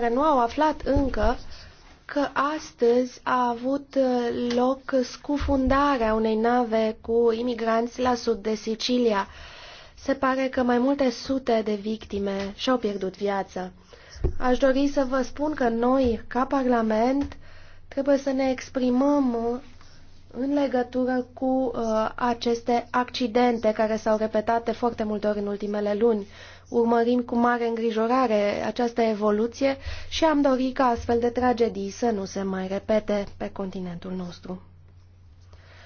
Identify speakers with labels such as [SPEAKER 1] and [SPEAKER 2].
[SPEAKER 1] care nu au aflat încă că astăzi a avut uh, loc scufundarea unei nave cu imigranți la sud de Sicilia. Se pare că mai multe sute de victime și-au pierdut viața. Aș dori să vă spun că noi, ca Parlament, trebuie să ne exprimăm în legătură cu uh, aceste accidente care s-au repetat de foarte multe ori în ultimele luni. Urmărim cu mare îngrijorare această evoluție și am dorit ca astfel de tragedii să nu se mai repete pe continentul nostru.